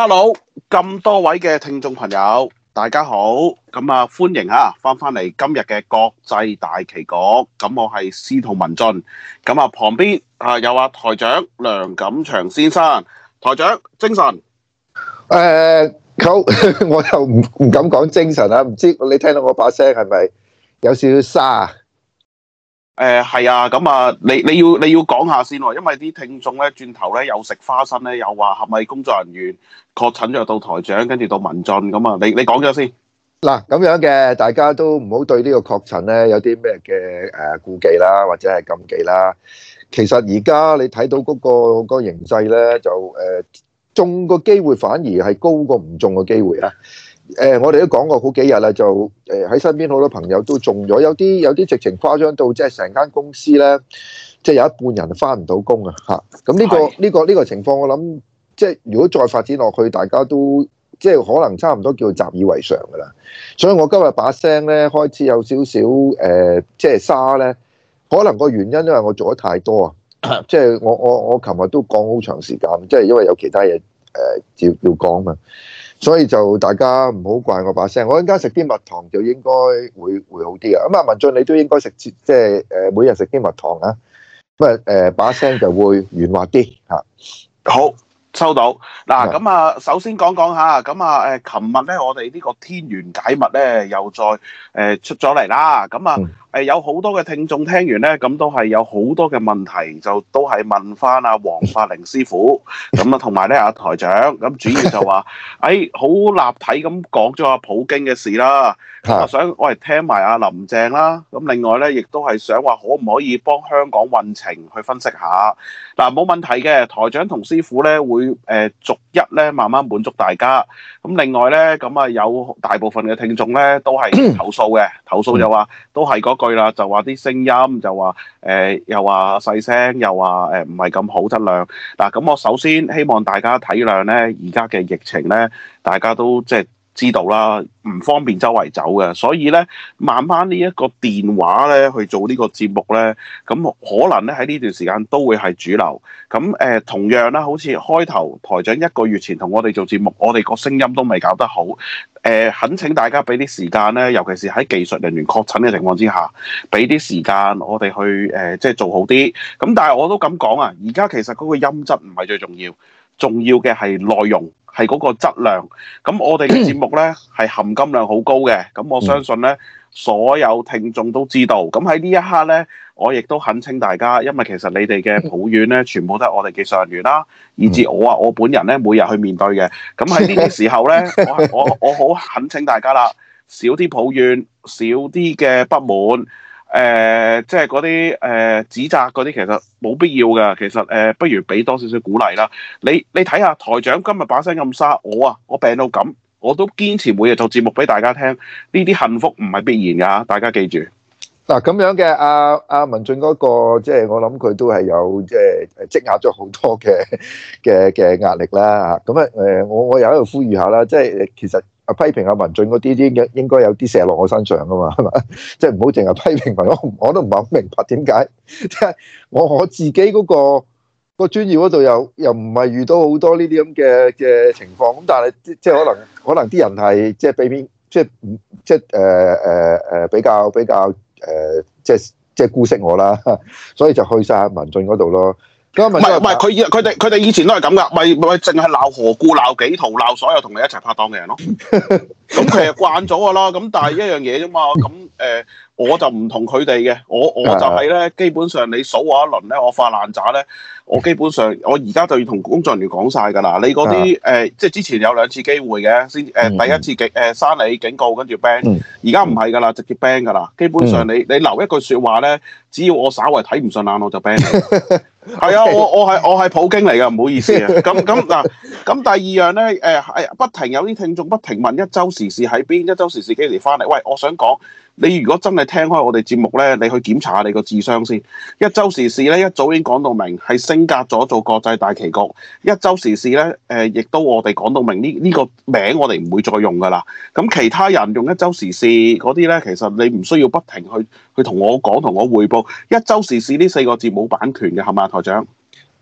hello，咁多位嘅聽眾朋友，大家好，咁啊歡迎啊翻返嚟今日嘅國際大棋局，咁我係司徒文進，咁啊旁邊啊有啊，台長梁錦祥先生，台長精神，誒、呃、好， 我又唔唔敢講精神啊，唔知你聽到我把聲係咪有少少沙？誒係啊，咁啊，你你要你要講下先喎，因為啲聽眾咧轉頭咧又食花生咧，又話係咪工作人員確診咗到台長，跟住到文進咁啊？你你講咗先。嗱，咁樣嘅大家都唔好對呢個確診咧有啲咩嘅誒顧忌啦，或者係禁忌啦。其實而家你睇到嗰個個形勢咧，就誒中個機會反而係高過唔中個機會啦。誒，我哋都講過好幾日啦，就誒喺身邊好多朋友都中咗，有啲有啲直情誇張到即係成間公司咧，即係有一半人翻唔到工啊！嚇、這個，咁呢個呢個呢個情況，我諗即係如果再發展落去，大家都即係可能差唔多叫習以為常噶啦。所以我今日把聲咧開始有少少誒，即係沙咧，可能個原因因為我做得太多啊！即係我我我琴日都講好長時間，即係因為有其他嘢誒要、呃、要講啊嘛。所以就大家唔好怪我把聲，我而家食啲蜜糖就應該會好啲嘅。咁啊，文進你都應該食、即係、每日食啲蜜糖啊，咁啊誒，把聲就會圓滑啲嚇。好。收到嗱，咁啊，首先講講吓，咁啊，誒，琴日咧，我哋呢個天元解密咧又再誒出咗嚟啦，咁啊，誒有好多嘅聽眾聽完咧，咁都係有好多嘅問題，就都係問翻阿黃法靈師傅，咁啊，同埋咧阿台長，咁主要就話誒好立體咁講咗阿普京嘅事啦，咁啊想我哋聽埋阿林鄭啦，咁另外咧亦都係想話可唔可以幫香港運程去分析下，嗱冇問題嘅，台長同師傅咧會。要、呃、逐一咧，慢慢滿足大家。咁另外咧，咁啊有大部分嘅聽眾咧，都係投訴嘅。 投訴就話都係嗰句啦，就話啲聲音就話誒、呃，又話細聲，又話誒唔係咁好質量。嗱，咁我首先希望大家體諒咧，而家嘅疫情咧，大家都即係。知道啦，唔方便周圍走嘅，所以呢，慢慢呢一個電話呢去做呢個節目呢，咁、嗯、可能呢喺呢段時間都會係主流。咁、嗯、誒、呃、同樣啦，好似開頭台長一個月前同我哋做節目，我哋個聲音都未搞得好。誒、呃，懇請大家俾啲時間呢，尤其是喺技術人員確診嘅情況之下，俾啲時間我哋去誒、呃、即係做好啲。咁、嗯、但係我都咁講啊，而家其實嗰個音質唔係最重要，重要嘅係內容。係嗰個質量，咁我哋嘅節目呢係含金量好高嘅，咁我相信呢，所有聽眾都知道。咁喺呢一刻呢，我亦都懇請大家，因為其實你哋嘅抱怨呢，全部都係我哋技術人員啦，以至我啊，我本人呢每日去面對嘅。咁喺呢個時候呢，我我我好懇請大家啦，少啲抱怨，少啲嘅不滿。誒、呃，即係嗰啲誒指責嗰啲，其實冇必要嘅。其實誒，不如俾多少少鼓勵啦。你你睇下台長今日把聲咁沙，我啊，我病到咁，我都堅持每日做節目俾大家聽。呢啲幸福唔係必然㗎，大家記住。嗱、啊，咁樣嘅阿阿文進嗰、那個，即、就、係、是、我諗佢都係有即係積壓咗好多嘅嘅嘅壓力啦。咁啊誒，我我又喺度呼籲下啦，即、就、係、是、其實。批評阿文進嗰啲啲，應該有啲射落我身上噶嘛，係嘛？即係唔好淨係批評我，我都唔係好明白點解。即係我我自己嗰、嗰個、嗰個專業嗰度又又唔係遇到好多呢啲咁嘅嘅情況，咁但係即係可能可能啲人係即係避免，即係即係，誒誒誒，比較比較，誒，即係即係姑息我啦， 所以就去晒阿文進嗰度咯。唔係唔係，佢以佢哋佢哋以前都係咁噶，咪咪淨係鬧何故鬧幾圖鬧所有同你一齊拍檔嘅人咯。咁佢 實慣咗㗎啦。咁但係一樣嘢啫嘛。咁誒、呃，我就唔同佢哋嘅，我我就係咧，基本上你數我一輪咧，我發爛渣咧，我基本上我而家就要同工作人員講晒噶啦。你嗰啲誒，即係之前有兩次機會嘅，先誒、呃、 第一次警誒刪你警告，跟住 ban，而家唔係噶啦，直接 ban 噶啦。基本上你 你留一句說話咧，只要我稍為睇唔順眼我就 ban。 係 啊，我我係我係普京嚟噶，唔好意思啊。咁咁嗱，咁第二樣咧，誒、哎、係不停有啲聽眾不停問一，一周時事喺邊？一周時事幾時翻嚟？喂，我想講。你如果真係聽開我哋節目呢，你去檢查下你個智商先。一週時事呢，一早已經講到明，係升格咗做國際大棋局。一週時事呢，誒，亦都我哋講到明呢，呢個名我哋唔會再用噶啦。咁其他人用一週時事嗰啲呢，其實你唔需要不停去去同我講，同我匯報。一週時事呢四個字冇版權嘅係嘛，台長？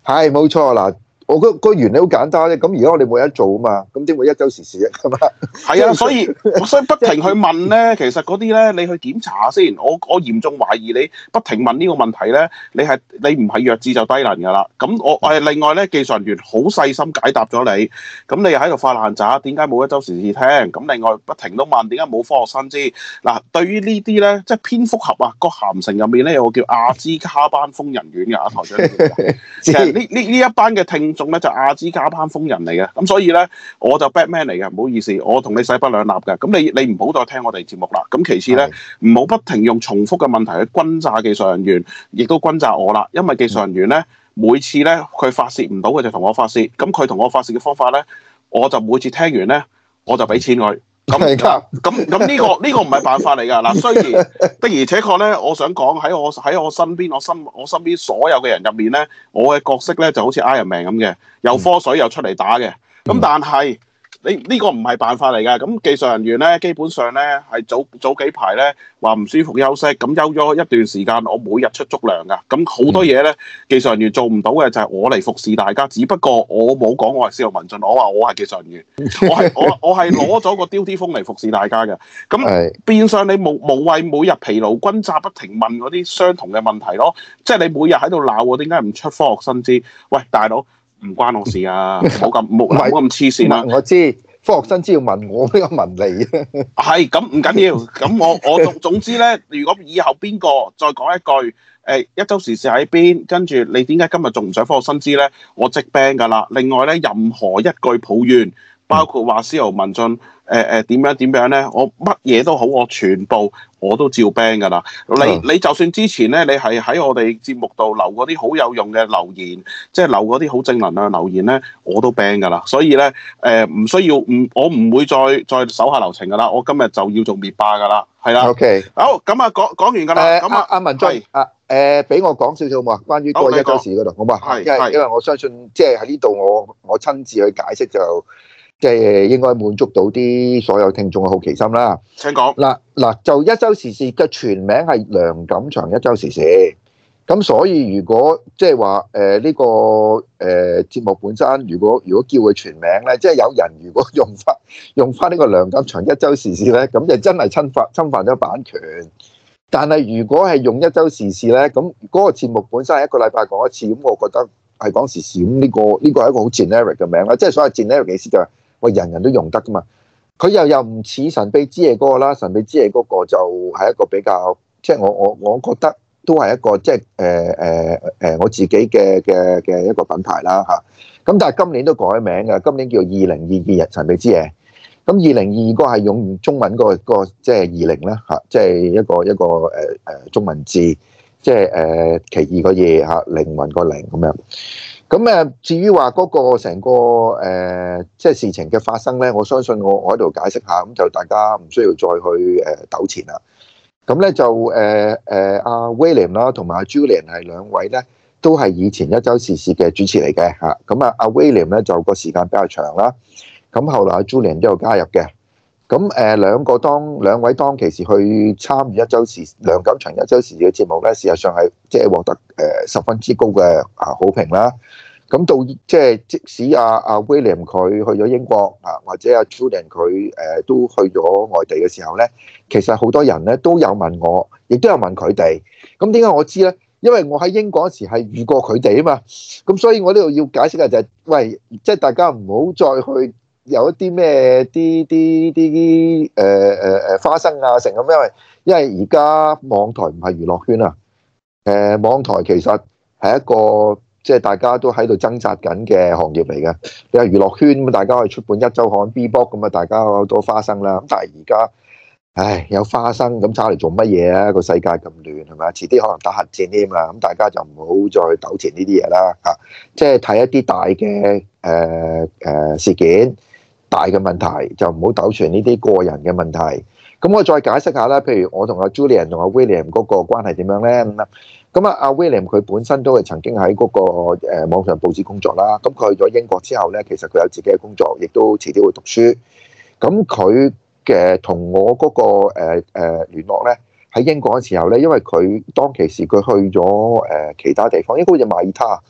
係冇錯啦。我個個原理好簡單咧，咁而家我哋冇得做啊嘛，咁點會一週時事？啊？係嘛？係啊，所以我所以不停去問咧，其實嗰啲咧，你去檢查先，我我嚴重懷疑你不停問呢個問題咧，你係你唔係弱智就低能㗎啦。咁我我係另外咧，技術人員好細心解答咗你，咁你又喺度發爛渣，點解冇一週時事？聽？咁另外不停都問，點解冇科學新知？嗱、啊，對於呢啲咧，即係蝙蝠俠啊，個鹹城入面咧有個叫亞茲卡班瘋人院嘅頭像，呢呢呢一班嘅聽。 種咧就亞洲加班瘋人嚟嘅，咁所以咧我就 bad man 嚟嘅，唔好意思，我同你勢不兩立嘅，咁你你唔好再聽我哋節目啦。咁其次咧，唔好是的 不停用重複嘅問題去轟炸技術人員，亦都轟炸我啦。因為技術人員咧，每次咧佢發泄唔到嘅就同我發泄，咁佢同我發泄嘅方法咧，我就每次聽完咧，我就俾錢佢。嗯嗯咁咁呢個呢 個唔係辦法嚟噶嗱，雖然的而且確咧，我想講喺我喺我身邊，我身我身邊所有嘅人入面咧，我嘅角色咧就好似 Iron Man 咁嘅，又科水又出嚟打嘅，咁但係。你呢個唔係辦法嚟㗎，咁技術人員咧，基本上咧係早早幾排咧話唔舒服休息，咁休咗一段時間，我每日出足糧㗎，咁好多嘢咧技術人員做唔到嘅就係我嚟服侍大家，只不過我冇講我係司徒文進，我話我係技術人員，我係我我係攞咗個 Duty 風嚟服侍大家嘅，咁變相你冇無謂每日疲勞轟炸不停問嗰啲相同嘅問題咯，即係你每日喺度鬧我點解唔出科學新知？喂，大佬！唔關我事啊！冇咁冇冇咁黐線啦！我知，科學生知要問我邊個問你啊？係咁唔緊要，咁我我總總之咧，如果以後邊個再講一句，誒、欸，一周時事喺邊，跟住你點解今日仲唔上科學生知咧？我即病 a n 噶啦！另外咧，任何一句抱怨。包括話司徒文進，誒誒點樣點樣咧？我乜嘢都好，我全部我都照 ban 噶啦。你你就算之前咧，你係喺我哋節目度留嗰啲好有用嘅留言，即係留嗰啲好正能量嘅留言咧，我都 ban 噶啦。所以咧，誒、呃、唔需要，唔我唔會再再手下留情噶啦。我今日就要做滅霸噶啦，係啦。OK。好，咁啊，講講完噶啦。咁啊，阿文進啊，誒俾我講少少好嘛，關於嗰個一週時事嗰度，好嘛，係，因為我相信，即係喺呢度我我親自去解釋就。即係應該滿足到啲所有聽眾嘅好奇心啦。請講。嗱嗱就一周時事嘅全名係梁錦祥一周時事。咁所以如果即係話誒呢個誒節目本身如果如果叫佢全名咧，即係有人如果用翻用翻呢個梁錦祥一周時事咧，咁就真係侵犯侵犯咗版權。但係如果係用一周時事咧，咁嗰個節目本身係一個禮拜講一次，咁我覺得係講時事，咁呢個呢個係一個好 generic 嘅名啦。即係所謂 generic 意思就係。我人人都用得噶嘛，佢又又唔似神秘之夜嗰個啦，神秘之夜嗰個就係一個比較，即係我我我覺得都係一個即係誒誒誒我自己嘅嘅嘅一個品牌啦嚇。咁但係今年都改名嘅，今年叫二零二二日神秘之夜。咁二零二二個係用中文嗰個個即係二零啦嚇，即係一個一個誒誒中文字，即係誒奇異個夜嚇，靈魂個靈咁樣。咁誒，至於話嗰個成個誒，即、呃、係事情嘅發生咧，我相信我我喺度解釋下，咁就大家唔需要再去誒糾纏啦。咁咧就誒誒阿 William 啦，同埋阿 Julian 係兩位咧，都係以前一週時事嘅主持嚟嘅嚇。咁啊，阿 William 咧就個時間比較長啦。咁後來阿、啊、Julian 都有加入嘅。咁誒，兩個當兩位當其時去參與一週時梁錦祥一週時嘅節目咧，事實上係即係獲得誒十分之高嘅啊好評啦。咁到即係即使阿、啊、阿、啊、William 佢去咗英國啊，或者阿、啊、Julian 佢誒都去咗外地嘅時候咧，其實好多人咧都有問我，亦都有問佢哋。咁點解我知咧？因為我喺英國時係遇過佢哋啊嘛。咁所以我呢度要解釋嘅就係、是，喂，即、就、係、是、大家唔好再去。有一啲咩啲啲啲誒誒誒花生啊，成咁因為因為而家網台唔係娛樂圈啊，誒、呃、網台其實係一個即係、就是、大家都喺度掙扎緊嘅行業嚟嘅。你話娛樂圈咁，大家可以出本一週刊 B Book 咁啊，box，大家好多花生啦、啊。咁但係而家，唉，有花生咁差嚟做乜嘢啊？個世界咁亂係咪啊？遲啲可能打核戰添啊！咁大家就唔好再糾纏呢啲嘢啦嚇。即係睇一啲大嘅誒誒事件。大嘅問題就唔好糾纏呢啲個人嘅問題。咁我再解釋下啦，譬如我同阿 Julian 同阿 William 嗰個關係點樣咧？咁啊，阿 William 佢本身都係曾經喺嗰個誒網上報紙工作啦。咁佢去咗英國之後咧，其實佢有自己嘅工作，亦都遲啲會讀書。咁佢嘅同我嗰個誒誒聯絡咧，喺英國嘅時候咧，因為佢當其時佢去咗誒其他地方，應該好似馬耳他。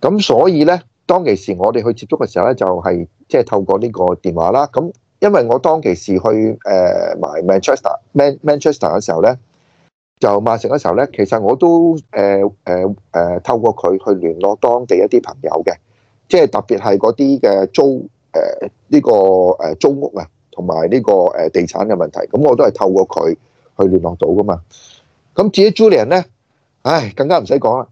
咁所以咧。當其時我哋去接觸嘅時候咧，就係即係透過呢個電話啦。咁因為我當其時去誒買 Manchester Man Manchester 嘅時候咧，就曼城嘅時候咧，其實我都誒誒誒透過佢去聯絡當地一啲朋友嘅，即係特別係嗰啲嘅租誒呢個誒租屋啊，同埋呢個誒地產嘅問題，咁我都係透過佢去聯絡到噶嘛。咁至於 Julian 咧，唉，更加唔使講啦。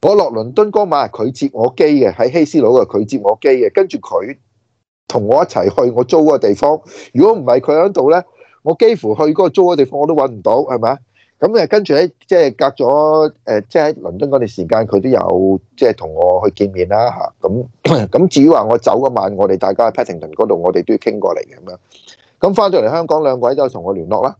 我落倫敦嗰晚，係佢接我機嘅，喺希斯佬嘅佢接我機嘅，跟住佢同我一齊去我租嘅地方。如果唔係佢喺度咧，我幾乎去嗰個租嘅地方我都揾唔到，係咪啊？咁誒，跟住咧，即係隔咗誒，即係喺倫敦嗰段時間，佢都有即係同我去見面啦嚇。咁咁至於話我走嗰晚，我哋大家喺 Paddington 嗰度，我哋都要傾過嚟嘅咁樣。咁翻到嚟香港兩個人就同我聯絡啦。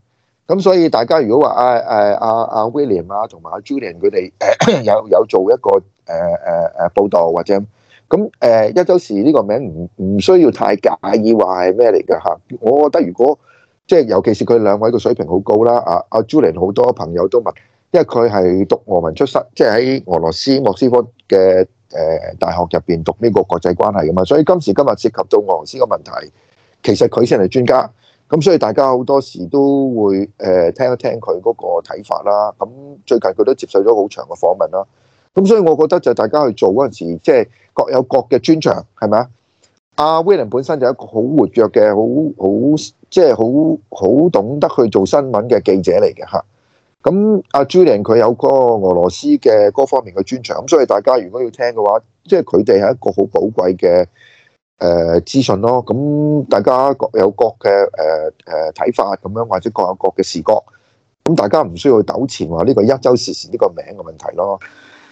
咁所以大家如果話啊誒阿阿 William 啊同埋阿 Julian 佢哋誒有有做一個誒誒誒報道或者咁，咁誒一週時呢個名唔唔需要太介意話係咩嚟㗎嚇？我覺得如果即係尤其是佢兩位嘅水平好高啦，啊阿 Julian 好多朋友都問，因為佢係讀俄文出身，即係喺俄羅斯莫斯科嘅誒大學入邊讀呢個國際關係㗎嘛，所以今時今日涉及到俄羅斯嘅問題，其實佢先係專家。咁所以大家好多時都會誒聽一聽佢嗰個睇法啦。咁最近佢都接受咗好長嘅訪問啦。咁所以我覺得就大家去做嗰陣時，即係各有各嘅專長，係咪啊？阿 William 本身就係一個好活躍嘅、好好即係好好懂得去做新聞嘅記者嚟嘅嚇。咁阿 Julian 佢有個俄羅斯嘅嗰方面嘅專長，咁所以大家如果要聽嘅話，即係佢哋係一個好寶貴嘅。誒、呃、資訊咯，咁大家各有各嘅誒誒睇法咁樣，或者各有各嘅視角，咁大家唔需要去糾纏話呢、呢個一週時事呢個名嘅問題咯。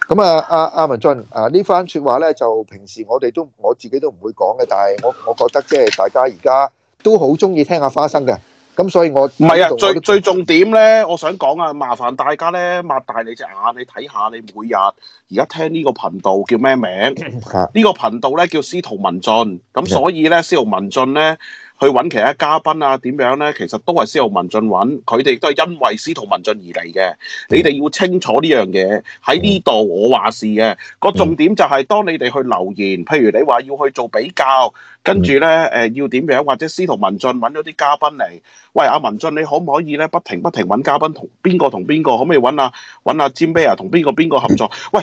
咁啊，阿、啊、阿文進啊，番呢番説話咧，就平時我哋都我自己都唔會講嘅，但係我我覺得即係大家而家都好鍾意聽下花生嘅。咁所以我，我唔係啊！最都最重點咧，我想講啊，麻煩大家咧，擘大你隻眼，你睇下你每日而家聽個 個呢個頻道叫咩名？呢個頻道咧叫司徒文進，咁所以咧， 司徒文進咧。去揾其他嘉賓啊，點樣呢？其實都係司徒文進揾，佢哋都係因為司徒文進而嚟嘅。你哋要清楚呢樣嘢。喺呢度我話事嘅個重點就係、是，當你哋去留言，譬如你話要去做比較，跟住呢，誒、呃、要點樣，或者司徒文進揾咗啲嘉賓嚟。喂，阿、啊、文進，你可唔可以呢？不停不停揾嘉賓同邊個同邊個？可唔可以揾啊揾阿詹咩啊？同邊個邊個合作？ 喂，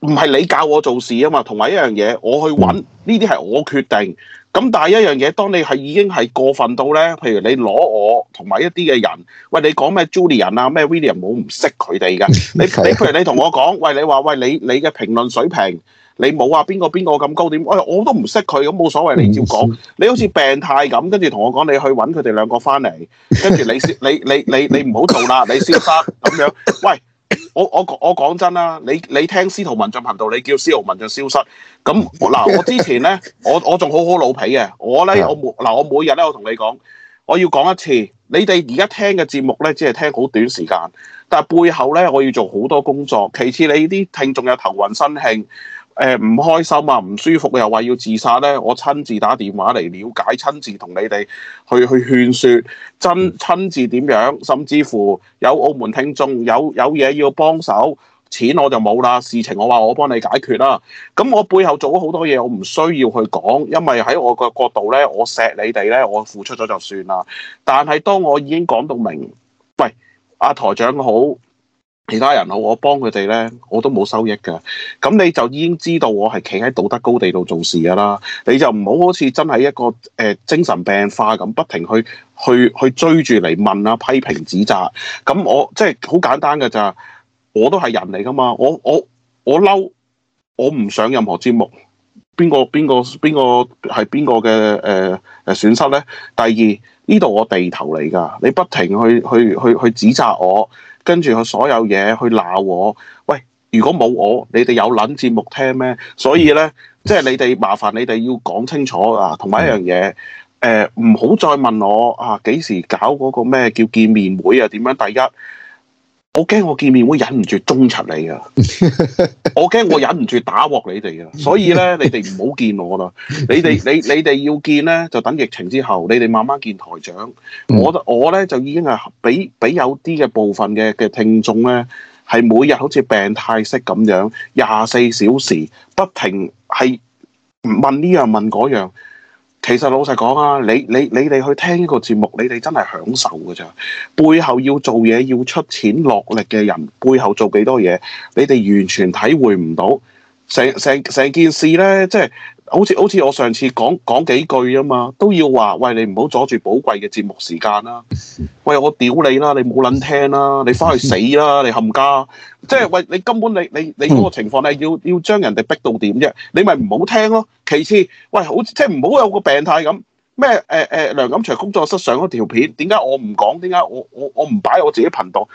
唔係你教我做事啊嘛。同埋一樣嘢，我去揾呢啲係我決定。咁但係一樣嘢，當你係已經係過分到咧，譬如你攞我同埋一啲嘅人，喂，你講咩 Julian 啊，咩 William 冇唔識佢哋嘅，你你譬如你同我講， 喂，你話喂你你嘅評論水平，你冇話邊個邊個咁高點，我我都唔識佢，咁冇所謂，你照講，你好似病態咁，跟住同我講你去揾佢哋兩個翻嚟，跟住你先你你你你唔好做啦，你消失咁樣，喂。我我講我講真啦，你你聽司徒文進頻道，你叫司徒文進消失咁嗱。我之前咧， 我我仲好好老皮嘅，我咧我冇嗱，我每日咧我同你講，我要講一次，你哋而家聽嘅節目咧，只係聽好短時間，但係背後咧我要做好多工作，其次你啲聽眾有頭暈身興。誒唔，呃、開心啊，唔舒服，啊，又話要自殺呢。我親自打電話嚟了解，親自同你哋去去勸説，真親自點樣，甚至乎有澳門聽眾有有嘢要幫手，錢我就冇啦，事情我話我幫你解決啦、啊。咁我背後做咗好多嘢，我唔需要去講，因為喺我個角度呢，我錫你哋呢，我付出咗就算啦。但係當我已經講到明，喂，阿，啊、台長好。其他人好，我幫佢哋咧，我都冇收益噶。咁你就已經知道我係企喺道德高地度做事噶啦。你就唔好好似真係一個誒、呃、精神病化咁，不停去去去追住嚟問啊，批評指責。咁我即係好簡單噶咋？我都係人嚟噶嘛。我我我嬲，我唔上任何節目。邊個邊個邊個係邊個嘅誒誒損失咧？第二呢度我地頭嚟噶，你不停去去去去，去指責我。跟住佢所有嘢去鬧我，喂！如果冇我，你哋有撚節目聽咩？所以咧，即係你哋麻煩你哋要講清楚啊！同埋一樣嘢，誒唔好再問我啊幾時搞嗰個咩叫見面會啊？點樣第一？我驚我見面會忍唔住中出你啊！我驚我忍唔住打鑊你哋啊！所以咧，你哋唔好見我啦。你哋你你哋要見咧，就等疫情之後，你哋慢慢見台長。我我咧就已經係俾俾有啲嘅部分嘅嘅聽眾咧，係每日好似病態式咁樣，廿四小時不停係問呢樣問嗰樣。其實老實講啊，你你你哋去聽呢個節目，你哋真係享受嘅咋，背後要做嘢要出錢落力嘅人，背後做幾多嘢，你哋完全體會唔到。成成成件事咧，即係。好似好似我上次講講幾句啊嘛，都要話喂，你唔好阻住寶貴嘅節目時間啦。喂，我屌你啦，你冇撚聽啦，你翻去死啦，你冚家即係喂，你根本你你你嗰個情況，你要要將人哋逼到點啫？你咪唔好聽咯。其次，喂好似即係唔好有個病態咁咩？誒誒、呃呃，梁錦祥工作室上嗰條片點解我唔講？點解我我我唔擺我自己頻道？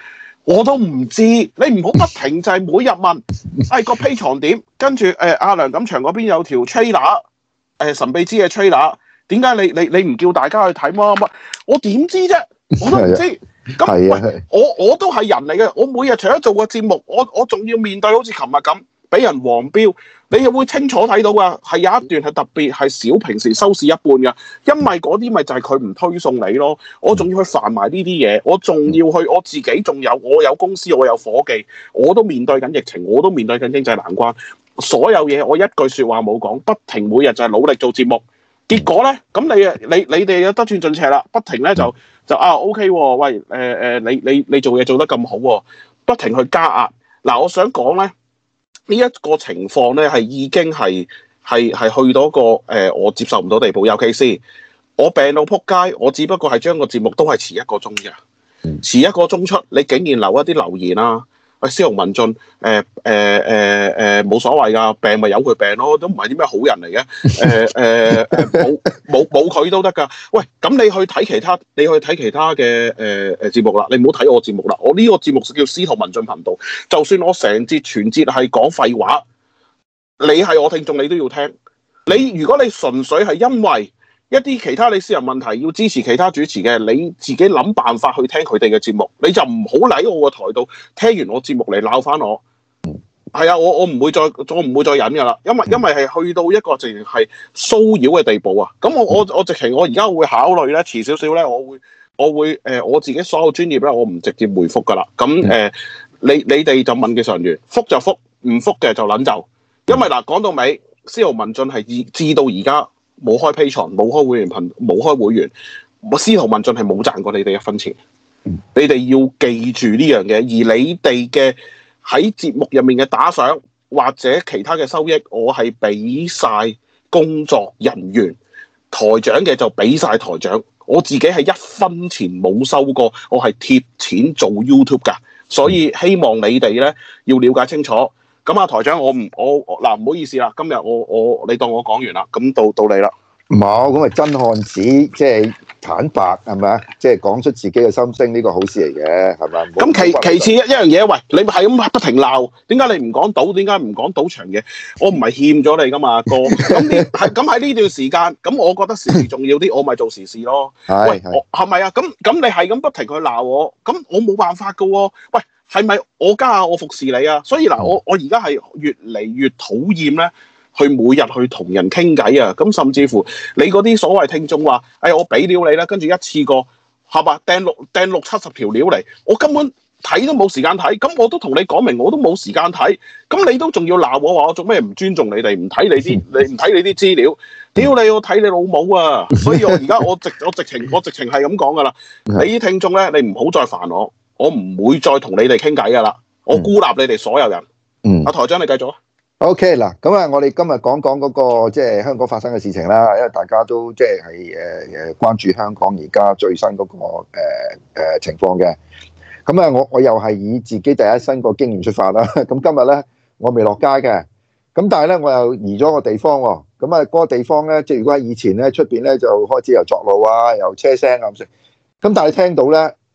我都唔知，你唔好不停就係每日問，誒、 哎那個 Patreon 點？跟住誒阿梁錦祥嗰邊有條 trailer，誒、呃、神秘之嘅 trailer，點解你你你唔叫大家去睇乜乜？我點知啫？我都唔知。咁，我我都係人嚟嘅，我每日除咗做個節目，我我仲要面對好似琴日咁。俾人黃標，你又會清楚睇到㗎，係有一段係特別係少平時收視一半嘅，因為嗰啲咪就係佢唔推送你咯。我仲要去煩埋呢啲嘢，我仲要去，我自己仲有我有公司，我有伙計，我都面對緊疫情，我都面對緊經濟難關，所有嘢我一句説話冇講，不停每日就係努力做節目。結果呢，咁你啊，你你哋有得寸進尺啦，不停呢就就啊 OK、哦、喂誒誒、呃，你你你做嘢做得咁好喎、哦，不停去加壓。嗱，我想講呢。呢一個情況呢，係已經係係係去到個誒，我接受唔到地步。尤其是我病到撲街，我只不過係將個節目都係遲一個鐘嘅，遲一個鐘出，你竟然留一啲留言啦、啊！喂，司徒文進，誒誒誒誒，冇所謂㗎，病咪有佢病咯，都唔係啲咩好人嚟嘅，誒誒冇冇冇佢都得㗎。喂，咁你去睇其他，你去睇其他嘅誒誒節目啦，你唔好睇我節目啦，我呢個節目就叫司徒文進頻道，就算我成節全節係講廢話，你係我聽眾，你都要聽。你如果你純粹係因為，一啲其他你私人問題要支持其他主持嘅，你自己諗辦法去聽佢哋嘅節目，你就唔好嚟我個台度聽完我節目嚟鬧返我。係啊，我我唔會再我唔會再忍㗎喇，因為因為係去到一個直情係騷擾嘅地步啊。咁我我我直情我而家會考慮咧，遲少少咧，我會我會誒、呃、我自己所有專業咧，我唔直接回覆㗎喇。咁誒、呃，你你哋就問嘅上員，覆就覆，唔覆嘅就撚就，就。因為嗱講到尾，司徒文進係至至到而家。冇開 Patreon 冇開會員群，冇開會員，我司徒文進係冇賺過你哋一分錢。你哋要記住呢樣嘢，而你哋嘅喺節目入面嘅打賞或者其他嘅收益，我係俾晒工作人員，台長嘅就俾晒台長，我自己係一分錢冇收過，我係貼錢做 YouTube 噶，所以希望你哋呢要了解清楚。咁啊，台長，我唔，我嗱，唔好意思啦，今日我我你當我講完啦，咁到到你啦。冇，咁係真漢子，即係坦白，係咪啊？即係講出自己嘅心聲，呢個好事嚟嘅，係咪啊？咁其其次一一樣嘢，喂，你係咁不停鬧，點解你唔講賭？點解唔講賭場嘅？我唔係欠咗你噶嘛，哥。咁呢， 係咁喺呢段時間，咁我覺得時事重要啲，我咪做時事咯。係係係咪啊？咁咁 你係咁不停去鬧我，咁我冇辦法噶喎。喂！係咪我家下我服侍你啊？所以嗱，我我而家係越嚟越討厭咧，去每日去同人傾偈啊！咁甚至乎你嗰啲所謂聽眾話，哎，我俾料你啦，跟住一次過係嘛掟六掟六七十條料嚟，我根本睇都冇時間睇。咁我都同你講明，我都冇時間睇。咁你都仲要鬧我話我做咩唔尊重你哋？唔睇你啲你唔睇你啲資料，屌你！我睇你老母啊！所以我而家我直 我直情我直情係咁講㗎喇，你啲聽眾咧，你唔好再煩我。我唔會再同你哋傾偈噶啦，我孤立你哋所有人。嗯，阿台長你繼續啊。O K，嗱，咁啊，我哋今日講講嗰個即係香港發生嘅事情啦，因為大家都即係係誒誒關注香港而家最新嗰個誒誒情況嘅。咁啊，我我又係以自己第一身個經驗出發啦。咁今日咧，我未落街嘅，咁但係咧，我又移咗個地方喎。咁啊，嗰個地方咧，即係如果係以前咧，出邊咧就開始有作路啊，有車聲啊咁先。咁但係聽到咧。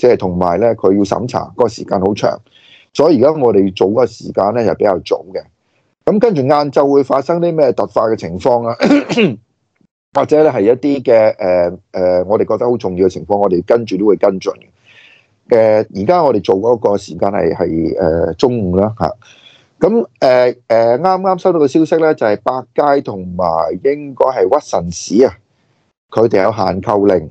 即係同埋咧，佢要審查個時間好長，所以而家我哋做嗰個時間咧就比較早嘅。咁跟住晏晝會發生啲咩突發嘅情況啊？ 或者咧係一啲嘅誒誒，我哋覺得好重要嘅情況，我哋跟住都會跟進嘅。而、呃、家我哋做嗰個時間係係、呃、中午啦嚇。咁誒誒啱啱收到個消息咧，就係百佳同埋應該係屈臣氏啊，佢哋有限購令。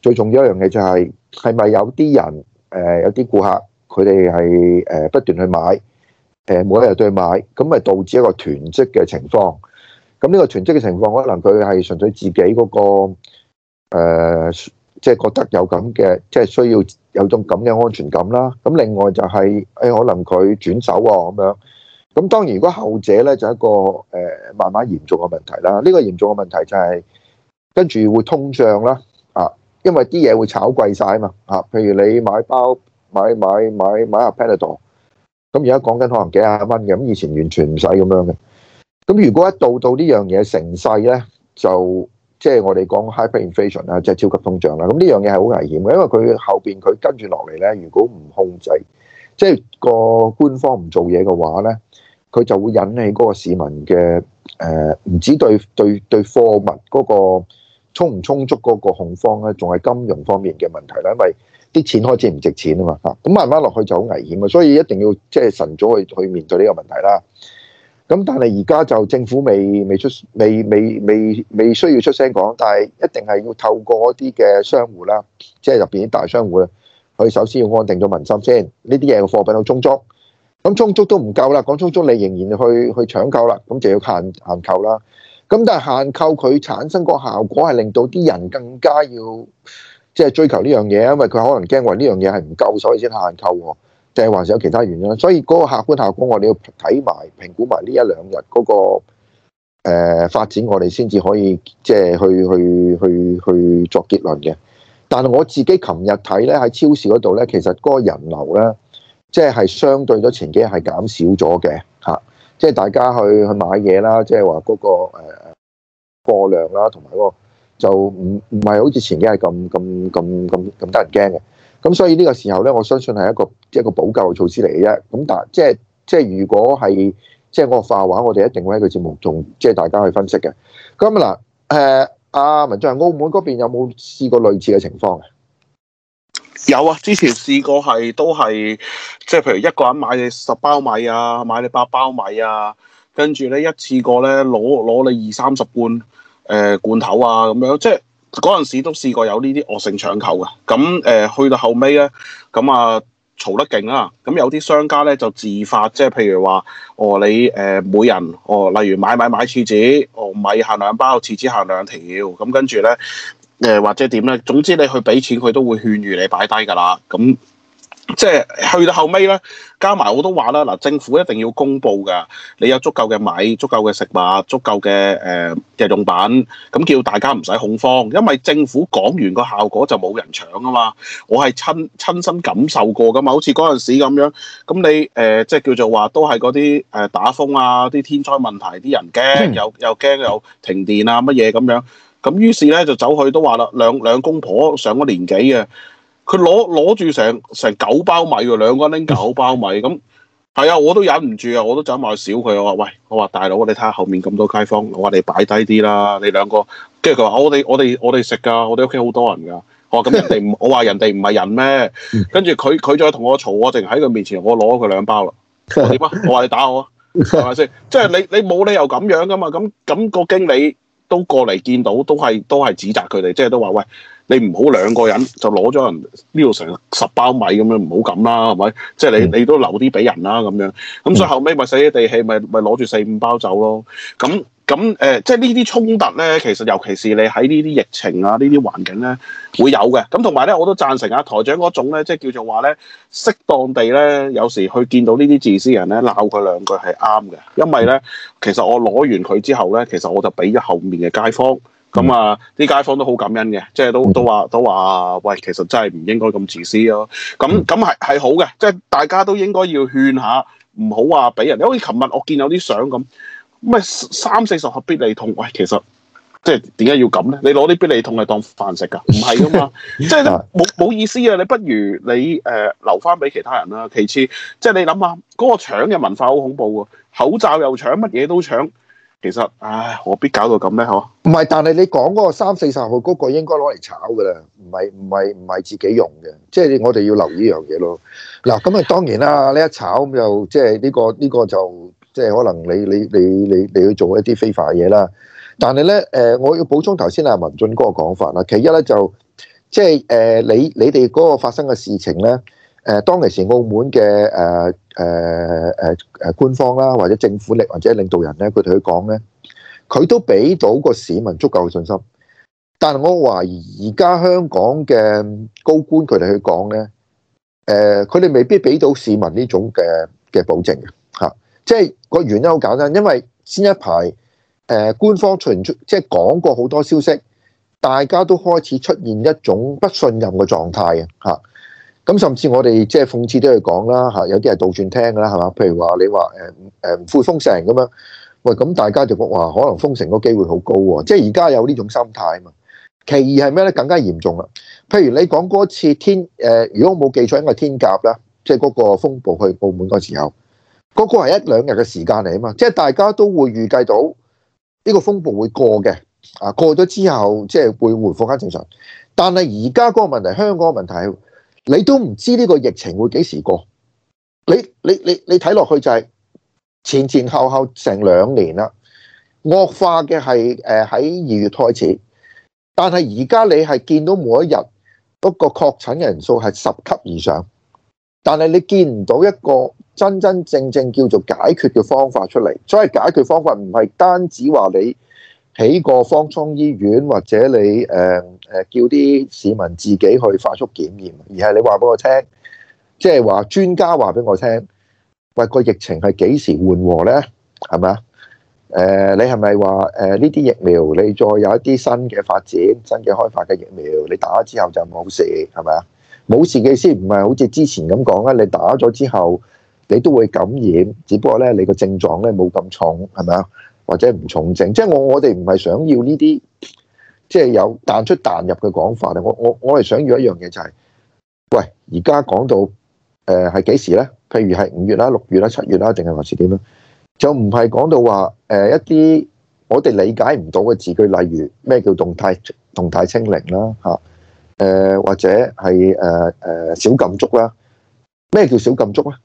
最重要一樣嘢就係係咪有啲人誒有啲顧客佢哋係誒不斷去買誒每日都去買，咁咪導致一個囤積嘅情況。咁呢個囤積嘅情況，可能佢係純粹自己嗰個誒，即係覺得有咁嘅，即係需要有種咁嘅安全感啦。咁另外就係誒，可能佢轉手喎咁樣。咁當然，如果後者咧，就係一個誒慢慢嚴重嘅問題啦。呢個嚴重嘅問題就係跟住會通脹啦。因為啲嘢會炒貴曬啊嘛，嚇！譬如你買包買買買買下 Panadol，咁而家講緊可能幾廿蚊嘅，咁以前完全唔使咁樣嘅。咁如果一到到呢樣嘢成勢咧，就即係我哋講 hyperinflation 啦，即係超級通脹啦。咁呢樣嘢係好危險嘅，因為佢後邊佢跟住落嚟咧，如果唔控制，即係個官方唔做嘢嘅話咧，佢就會引起嗰個市民嘅誒，唔止對對對貨物嗰個。充唔充足嗰個恐慌咧，仲係金融方面嘅問題啦，因為啲錢開始唔值錢啊嘛，嚇，咁慢慢落去就好危險啊，所以一定要即係晨早去去面對呢個問題啦。咁但係而家就政府未未出未未未，未需要出聲講，但係一定係要透過一啲嘅商戶啦，即係入邊啲大商戶咧，佢首先要安定咗民心先，呢啲嘢嘅貨品好充足，咁充足都唔夠啦，講充足你仍然去去搶購啦，咁就要限限購啦。咁但係限購佢產生個效果係令到啲人更加要即係追求呢樣嘢，因為佢可能驚話呢樣嘢係唔夠，所以先限購，定係還是有其他原因？所以嗰個客觀效果我哋要睇埋、評估埋呢一兩日嗰個誒發展，我哋先至可以即係去去去去作結論嘅。但係我自己琴日睇咧喺超市嗰度咧，其實嗰個人流咧，即係相對咗前幾日係減少咗嘅嚇。即係大家去去買嘢啦，即係話嗰個誒過量啦，同埋嗰個就唔唔係好似前幾日咁咁咁咁咁得人驚嘅。咁所以呢個時候咧，我相信係一個即係一個補救措施嚟嘅啫。咁但即係即係如果係即係我化話，我哋一定會喺個節目同即係大家去分析嘅。咁嗱誒，阿、呃、文進，澳門嗰邊有冇試過類似嘅情況？有啊，之前試過係都係，即、就、係、是、譬如一個人買你十包米啊，買你八包米啊，跟住咧一次過咧攞攞你二三十罐誒、呃、罐頭啊咁樣，即係嗰陣時都試過有惡、嗯呃、呢啲惡性搶購啊。咁誒去到後尾咧，咁啊嘈得勁啦。咁有啲商家咧就自發，即、就、係、是、譬如話哦你誒、呃、每人哦、呃，例如買買買廁紙，哦米限兩包，廁紙限兩條，咁、嗯、跟住咧。嗯呢誒，或者點咧？總之你去俾錢，佢都會勸喻你擺低噶啦。咁即係去到後尾咧，加埋我都話啦，嗱，政府一定要公布噶，你有足夠嘅米、足夠嘅食物、足夠嘅誒日用品，咁叫大家唔使恐慌，因為政府講完個效果就冇人搶啊嘛。我係親親身感受過噶嘛，好似嗰陣時咁樣。咁你誒、呃，即係叫做話都係嗰啲誒打風啊，啲天災問題，啲人驚又又驚又停電啊乜嘢咁樣。咁於是咧就走去都話啦，兩兩公婆上咗年紀嘅，佢攞攞住成成九包米喎，兩個拎九包米，咁係啊，我都忍唔住啊，我都走埋去笑佢我話喂，我話大佬，你睇下後面咁多街坊，我話你擺低啲啦，你兩個，跟住佢話我哋我哋我哋食噶，我哋屋企好多人噶，我話咁人哋唔，我話人哋唔係人咩？跟住佢佢再同我嘈啊，淨喺佢面前我攞佢兩包啦，我點啊？我話你打我啊，係咪先？即係你你冇理由咁樣噶嘛，咁咁個經理。都過嚟見到，都係都係指責佢哋，即係都話喂，你唔好兩個人就攞咗人呢度成十包米咁樣，唔好咁啦，係咪？即係你你都留啲俾人啦，咁樣。咁、嗯、所以後尾咪死死地氣，咪咪攞住四五包走咯，咁。咁誒、呃，即係呢啲衝突咧，其實尤其是你喺呢啲疫情啊，呢啲環境咧會有嘅。咁同埋咧，我都贊成啊台長嗰種咧，即係叫做話咧，適當地咧，有時去見到呢啲自私人咧，鬧佢兩句係啱嘅。因為咧，其實我攞完佢之後咧，其實我就俾咗後面嘅街坊，咁啊，啲街坊都好感恩嘅，即係都都話都話，喂，其實真係唔應該咁自私咯、哦。咁咁係係好嘅，即係大家都應該要勸下，唔好話俾人。好似琴日我見有啲相咁。唔係三四十盒必理痛，喂、哎，其實即係點解要咁咧？你攞啲必理痛係當飯食噶，唔係噶嘛，即係冇冇意思啊！你不如你誒、呃、留翻，俾其他人啦。其次，即係你諗下嗰個搶嘅文化好恐怖噶，口罩又搶，乜嘢都搶，其實唉，何必搞到咁咧？嗬？唔係，但係你講嗰個三四十盒嗰個應該攞嚟炒噶啦，唔係唔係唔係自己用嘅，即係我哋要留呢樣嘢咯。嗱，咁啊，當然啦，呢一炒咁就即係呢個呢個就。即係可能你你你你你去做一啲非法嘢啦，但係咧，誒，我要補充頭先阿文進哥嘅講法啦。其一咧就即係誒，你你哋嗰個發生嘅事情咧，誒，當其時澳門嘅誒誒誒誒官方啦，或者政府力或者領導人咧，佢哋去講咧，佢都俾到個市民足夠嘅信心。但係我懷疑而家香港嘅高官佢哋去講咧，誒，佢哋未必俾到市民呢種嘅嘅保證嘅。即係個原因好簡單，因為先一排誒、呃、官方傳出，即係講過好多消息，大家都開始出現一種不信任嘅狀態啊！嚇、啊、咁，甚至我哋即係諷刺都係講啦嚇，有啲係倒轉聽噶啦，係嘛？譬如話你話誒誒唔封城咁樣，喂咁大家就講話可能封城個機會好高喎、啊，即係而家有呢種心態啊嘛。其二係咩咧？更加嚴重啦。譬如你講嗰次天誒、呃，如果我冇記錯應該天鴿啦，即係嗰個風暴去澳門嗰時候。嗰個係一兩日嘅時間嚟啊嘛，即係大家都會預計到呢個風暴會過嘅，啊過咗之後即係會回復翻正常。但係而家嗰個問題，香港嘅問題你都唔知呢個疫情會幾時過。你你你你睇落去就係前前後後成兩年啦，惡化嘅係誒喺二月開始，但係而家你係見到每一日嗰個確診嘅人數係十級以上。但係你見唔到一個真真正正叫做解決嘅方法出嚟，所以解決方法唔係單止話你起個方艙醫院或者你誒誒、呃、叫啲市民自己去快速檢驗，而係你話俾我聽，即係話專家話俾我聽，喂個疫情係幾時緩和呢？係咪？誒、呃，你係咪話誒呢啲疫苗你再有一啲新嘅發展、新嘅開發嘅疫苗，你打咗之後就冇事係咪啊？冇事嘅先，唔係好似之前咁講啦。你打咗之後，你都會感染，只不過咧，你個症狀咧冇咁重，係咪啊？或者唔重症，即係我我哋唔係想要呢啲，即係有彈出彈入嘅講法咧。我我我係想要一樣嘢就係、是，喂，而家講到誒，係、呃、幾時咧？譬如係五月啦、六月啦、七月啦，定係還是點啦？就唔係講到話誒、呃、一啲我哋理解唔到嘅字句，例如咩叫動態動態清零啦，吓。誒、呃，或者係誒誒小禁足啦、啊。咩叫小禁足咧、啊？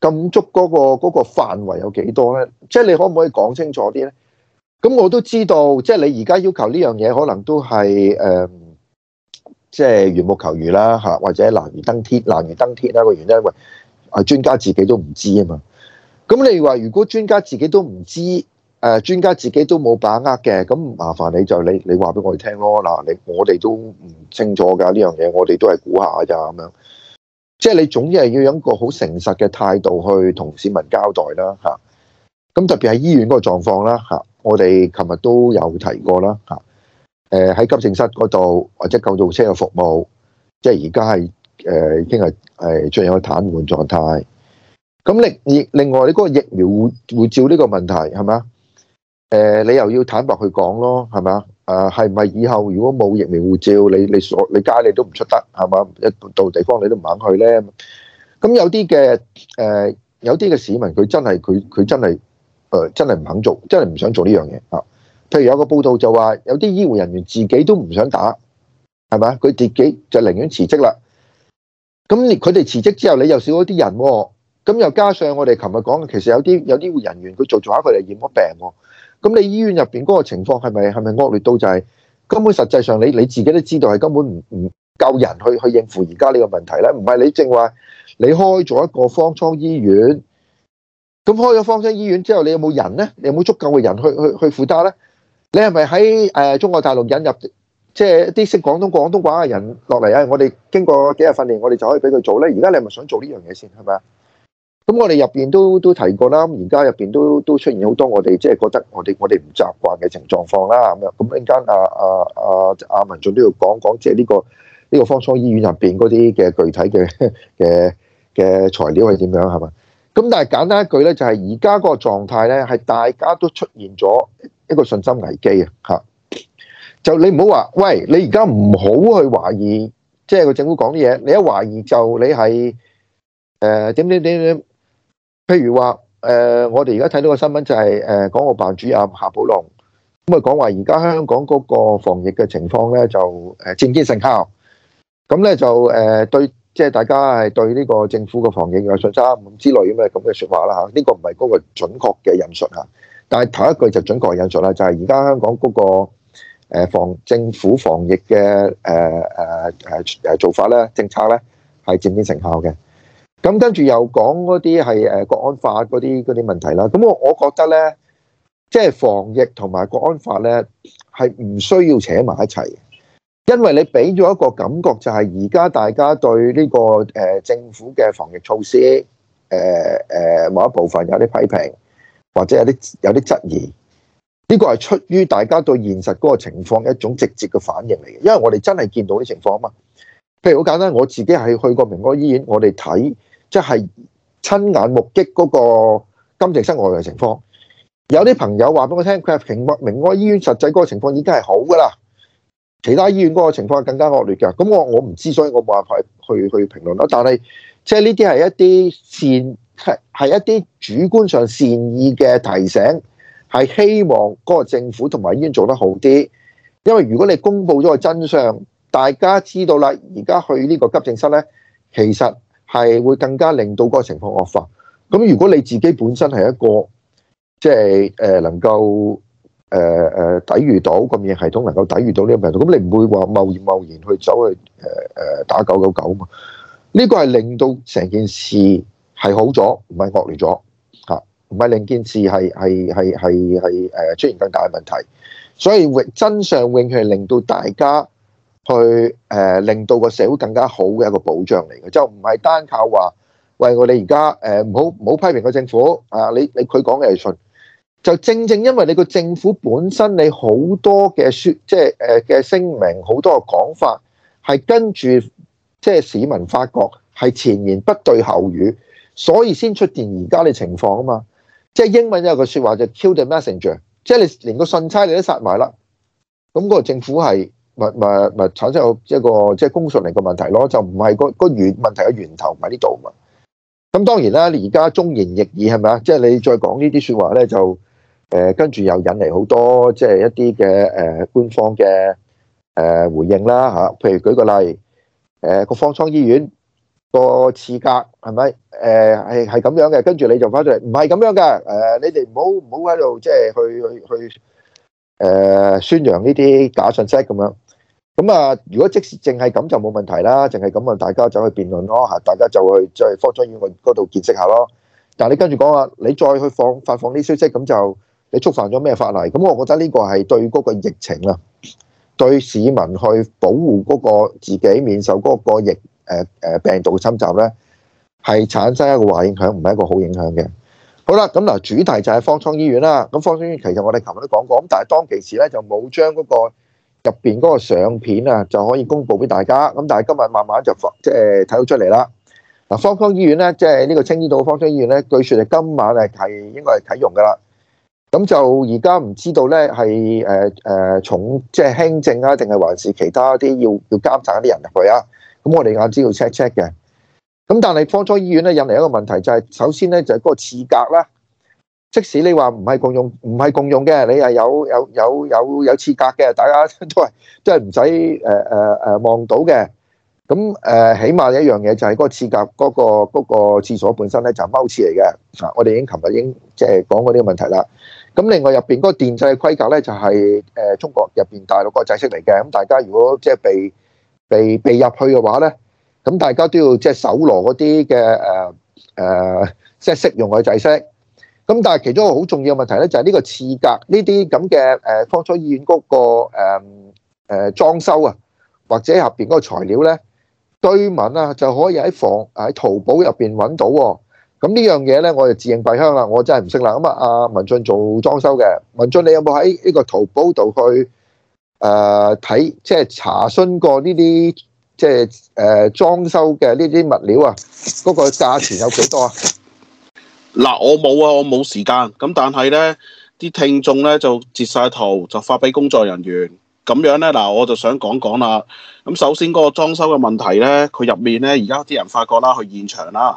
禁足嗰、那個嗰、那個範圍有幾多咧？即、就、係、是、你可唔可以講清楚啲咧？咁我都知道，即、就、係、是、你而家要求呢樣嘢，可能都係誒，即係緣木求魚啦，吓或者難如登天，難如登天啦、啊。個原因因為啊，專家自己都唔知啊嘛。咁你話如果專家自己都唔知？誒，專家自己都冇把握嘅，咁麻煩你就你你話俾我哋聽咯。嗱，你，你我哋都唔清楚噶呢樣嘢，我哋都係估下咋咁樣。即係你總之係要有一個好誠實嘅態度去同市民交代啦，吓、啊。咁特別係醫院嗰個狀況啦，吓、啊，我哋琴日都有提過啦，吓、啊。誒，喺急症室嗰度或者救護車嘅服務，即係而家係誒已經係誒進入個癱瘓狀態。咁另另另外，你嗰個疫苗護照呢個問題係咪啊？誒，你又要坦白去講咯，係嘛？誒，係咪以後如果冇疫苗護照，你你所你家你都唔出得，係嘛？一到地方你都唔肯去咧。咁有啲嘅誒，有啲嘅市民佢真係佢佢真係誒、呃，真係唔肯做，真係唔想做呢樣嘢啊。譬如有個報道就話有啲醫護人員自己都唔想打，係嘛？佢自己就寧願辭職啦。咁佢哋辭職之後，你又少咗啲人、哦。咁又加上我哋琴日講，其實有啲有啲醫護人員佢做做下、哦，佢哋染咗病。咁你醫院入邊嗰個情況，係咪係咪惡劣到就係根本實際上，你你自己都知道係根本唔唔夠人去去應付而家呢個問題咧？唔係你正話你開咗一個方艙醫院，咁開咗方艙醫院之後，你有冇人咧？你有冇足夠嘅人去去去負責咧？你係咪喺誒中國大陸引入，即係啲識廣東廣東話嘅人落嚟啊？我哋經過幾日訓練，我哋就可以俾佢做咧。而家你係咪想做呢樣嘢先？係咪啊？咁我哋入邊都都提過啦，咁而家入邊都都出現好多我哋即係覺得我哋我哋唔習慣嘅情狀況啦，咁樣咁一陣間阿阿阿阿文進都要講講、這個，即係呢個呢個方艙醫院入邊嗰啲嘅具體嘅嘅嘅材料係點樣係嘛？咁但係簡單一句咧，就係而家嗰個狀態咧，係大家都出現咗一個信心危機啊！吓，就你唔好話，喂，你而家唔好去懷疑，即係個政府講啲嘢，你一懷疑就你係誒點點點點。呃怎樣怎樣怎樣，譬如話，誒，我哋而家睇到個新聞就係，誒，港澳辦主任夏寶龍咁啊，講話而家香港嗰個防疫嘅情況咧就誒漸見成效，咁咧就誒對，即係大家係對呢個政府嘅防疫有信心之類咁嘅咁嘅說話啦吓，呢個唔係嗰個準確嘅引述啊，但係頭一句就準確引述啦，就係而家香港嗰個誒防政府防疫嘅誒誒誒做法咧，政策咧係漸見成效嘅。咁跟住又講嗰啲係誒國安法嗰啲啲問題啦。咁我我覺得呢，即係防疫同埋國安法呢係唔需要扯埋一齊，因為你俾咗一個感覺就係而家大家對呢個誒政府嘅防疫措施誒誒、呃呃、某一部分有啲批評，或者有啲有啲質疑。呢、這個係出於大家對現實嗰個情況一種直接嘅反應嚟嘅，因為我哋真係見到啲情況啊嘛。譬如好簡單，我自己係去過明安醫院，我哋睇。即係親眼目擊嗰個急症室外嘅情況，有啲朋友話俾我聽，佢興明愛醫院實際嗰個情況已經係好噶啦，其他醫院嗰個情況更加惡劣嘅。咁我我唔知，所以我冇辦法去去，去評論啦。但係即係呢啲係一啲善係係一啲主觀上善意嘅提醒，係希望嗰個政府同埋醫院做得好啲。因為如果你公佈咗個真相，大家知道啦，而家去呢個急症室呢，其實。係會更加令到嗰個情況惡化。咁如果你自己本身係一個即係誒能夠誒誒抵禦到免疫系統，能夠抵禦到呢個病毒，咁你唔會話貿然貿然去走去誒誒打九九九嘛？呢、這個係令到成件事係好咗，唔係惡劣咗吓，唔係令件事係係係係係誒出現更大嘅問題。所以真相永係令到大家。去誒令到個社會更加好嘅一個保障嚟嘅，就唔係單靠話喂，我哋而家誒唔好唔好批評個政府啊！你你佢講嘅係信，就正正因為你個政府本身你好多嘅説即係誒嘅聲明好多嘅講法係跟住即係市民發覺係前言不對後語，所以先出現而家嘅情況啊嘛！即係英文有個説話就 kill the messenger，即係你連個信差你都殺埋啦，咁個政府係。咪咪咪產生一個即係公信力嘅問題咯，就唔係個個源問題嘅源頭唔係呢度啊嘛。咁當然啦，而家忠言逆耳係咪啊？即係你再講呢啲説話咧，就誒跟住又引嚟好多即係一啲嘅誒官方嘅誒回應啦嚇。譬如舉個例，誒個方艙醫院個廁格係咪？誒係係咁樣嘅，跟住你就翻出嚟唔係咁樣嘅誒，你哋唔好唔好喺度即係去去誒宣揚呢啲假信息咁樣。咁啊，如果即係淨係咁就冇問題啦，淨係咁啊，大家走去辯論咯嚇，大家就去即係方艙醫院嗰度見識下咯。但係你跟住講話，你再去放發放啲消息咁就你觸犯咗咩法例？咁我覺得呢個係對嗰個疫情啊，對市民去保護嗰個自己免受嗰個疫誒誒病毒侵襲咧，係產生一個壞影響，唔係一個好影響嘅。好啦，咁嗱，主題就係方艙醫院啦。咁方艙醫院其實我哋琴日都講過，咁但係當其時咧就冇將嗰個。入邊嗰個相片啊，就可以公布俾大家。咁但係今日慢慢就即係睇到出嚟啦。嗱，方艙醫院咧，即係呢個青衣島方艙醫院咧，據說係今晚係係應該係啟用噶啦。咁就而家唔知道咧係誒誒重即係輕症啊，定係還是其他啲要要監察一啲人入去啊？咁我哋晏啲要 check check 嘅。咁但係方艙醫院咧引嚟一個問題就係、是，首先咧就係嗰個廁格啦。即使你話唔係共用，唔係共用嘅，你係有有有有有廁格嘅，大家都係都係唔使誒誒誒望到嘅。咁誒，uh, 起碼一樣嘢就係嗰個廁格嗰個嗰個廁所本身咧就係踎廁嚟嘅。啊，我哋已經琴日已經即係講過呢個問題啦。咁另外入邊嗰個電制規格咧就係誒中國入邊大陸嗰個制式嚟嘅。咁大家如果即係被被被入去嘅話咧，咁大家都要即係搜羅嗰啲嘅誒誒，即、uh, 係、uh, 適用嘅制式。咁但係其中一個好重要嘅問題咧，就係呢個次格呢啲咁嘅誒方艙醫院嗰、那個誒誒、嗯呃、裝修啊，或者入邊嗰個材料咧，堆文啊就可以喺房喺淘寶入邊揾到喎、啊。咁呢樣嘢咧，我就自認閉香啦，我真係唔識啦。咁啊，阿文進做裝修嘅，文進你有冇喺呢個淘寶度去誒睇，即、呃、係、就是、查詢過呢啲即係誒裝修嘅呢啲物料啊，嗰、那個價錢有幾多啊？嗱，我冇啊，我冇時間。咁但係呢啲聽眾呢，就截晒圖，就發俾工作人員。咁樣呢，嗱，我就想講講啦。咁首先嗰個裝修嘅問題呢，佢入面呢，而家啲人發覺啦，去現場啦。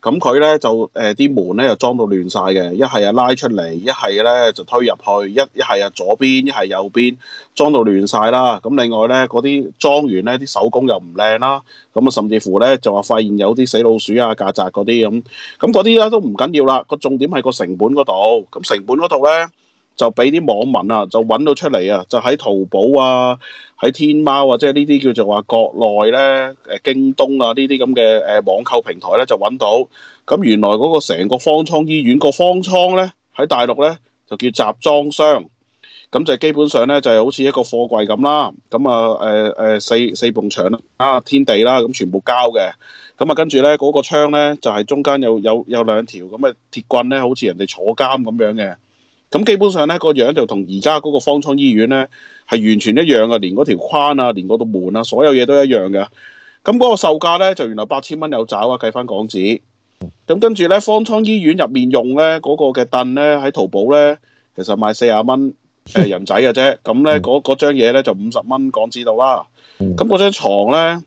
咁佢咧就誒啲、呃、門咧又裝到亂晒嘅，一係啊拉出嚟，一係咧就推入去，一一係啊左邊，一係右邊，裝到亂晒啦。咁另外咧嗰啲裝完咧啲手工又唔靚啦，咁啊甚至乎咧就話發現有啲死老鼠啊、曱甴嗰啲咁，咁嗰啲咧都唔緊要啦。個重點係個成本嗰度，咁成本嗰度咧。就俾啲網民啊，就揾到出嚟啊！就喺淘寶啊，喺天貓啊，即係呢啲叫做話國內咧，誒京東啊呢啲咁嘅誒網購平台咧就揾到。咁原來嗰個成個方艙醫院個方艙咧，喺大陸咧就叫集裝箱。咁就基本上咧就係、是、好似一個貨櫃咁啦。咁啊誒誒四四埲牆啦，啊，啊，啊天地啦、啊，咁全部交嘅。咁啊跟住咧嗰個窗咧就係、是、中間有有有，有兩條咁嘅鐵棍咧，好似人哋坐監咁樣嘅。咁基本上咧，個樣就同而家嗰個方艙醫院咧係完全一樣嘅，連嗰條框啊，連嗰度門啊，所有嘢都一樣嘅。咁嗰個售價咧，就原來八千蚊有找啊，計翻港紙。咁跟住咧，方艙醫院入面用咧嗰、嗰個嘅凳咧，喺淘寶咧，其實賣四啊蚊誒人仔嘅啫。咁咧嗰張嘢咧就五十蚊港紙度啦。咁嗰張牀咧，